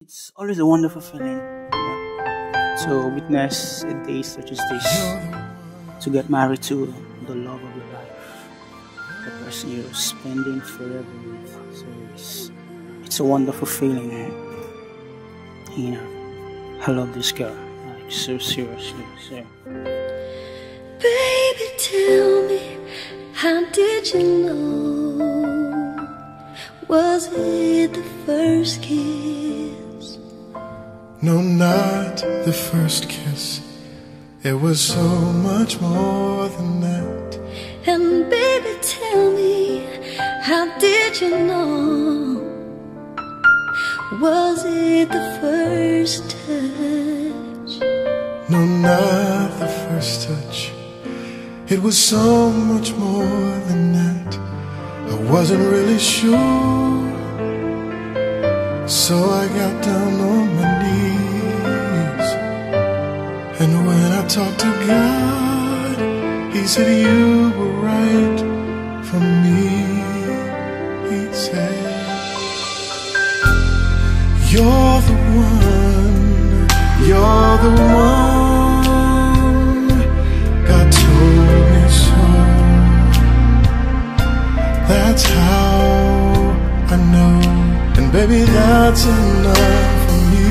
It's always a wonderful feeling to witness a day such as this, to get married to the love of your life, the person you're spending forever with. So it's, it's a wonderful feeling. Eh? You know, I love this girl, like so seriously. So. Baby, tell me, how did you know? Was it the first kiss? No, not the first kiss. It was so much more than that. And baby, tell me, how did you know? Was it the first touch? No, not the first touch. It was so much more than that. I wasn't really sure. So I got down on my knees. And when I talked to God, He said, You were right for me. He said, You're the one, you're the one. Baby, that's enough for me.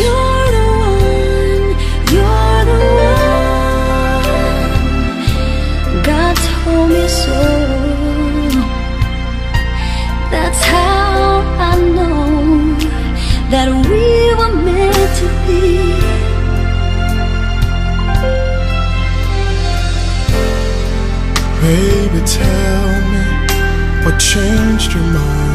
Yeah. You're the one, you're the one. God told me so. That's how I know that we were meant to be. Baby, tell me what changed your mind.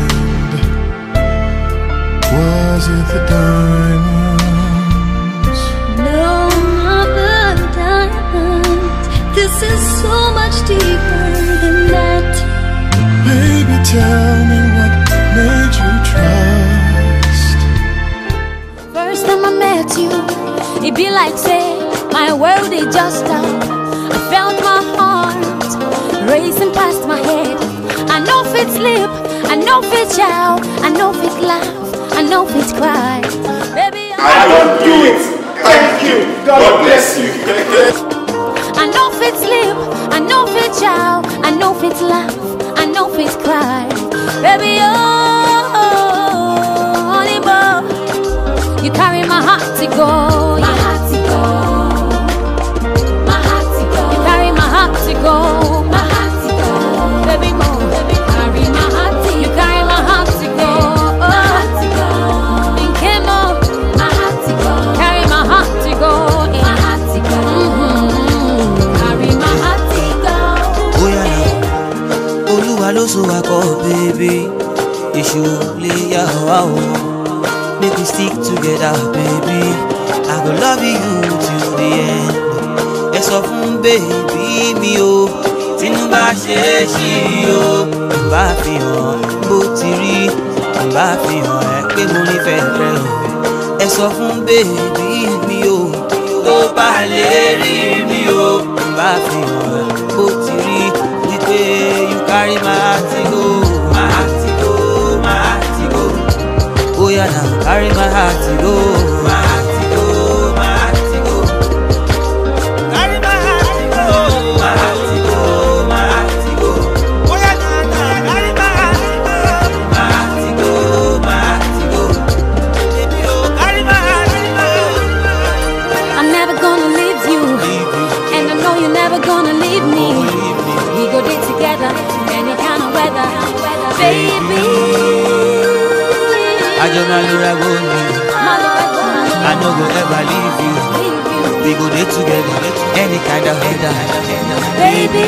Was it the diamonds? No, not the diamonds. This is so much deeper than that. Baby, tell me what made you trust. First time I met you, it be like say my world it just stopped. I felt my heart racing past my head. I know if it's slip, I know if it's shout, I know if it's an office cry. Baby, I, I don't do it. Thank you. God, God bless you. I know if it's sleep, I know if it's chow, I know if it's laugh, I know if it's cry. Baby, oh. so I call baby. You should play your own. Make we stick together, baby. I go love you till the end. Ẹ sọ fún bèbí mi o, tínú bá ṣe é ṣí o. Bá fi hàn bó ti rí, bá fi hàn ẹ́ pé mo nífẹ̀ẹ́ rẹ o. Ẹ sọ fún bèbí mi o, tó bá lè rí mi o. Bá fi hàn bó ti rí, wípé you carry my. and I'm carrying my heart to go. ajo malura ever leave you we go there together any kind of head, baby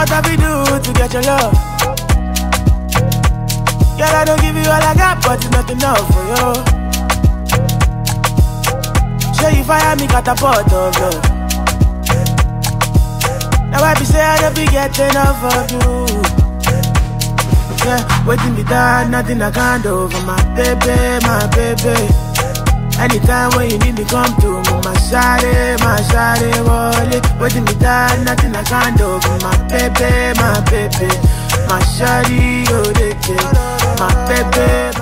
What have we do to get your love? Girl, I don't give you all I got, but it's not enough for you. Show you fire me pot of love. Now I be say I don't be getting enough of you. Yeah, waiting be done, nothing I can't do for my baby, my baby. Anytime when you need me, come to me. My shawty, my shawty, wallet. Waiting you down, nothing I can't do. My baby, my baby, My shawty, oh, they My baby.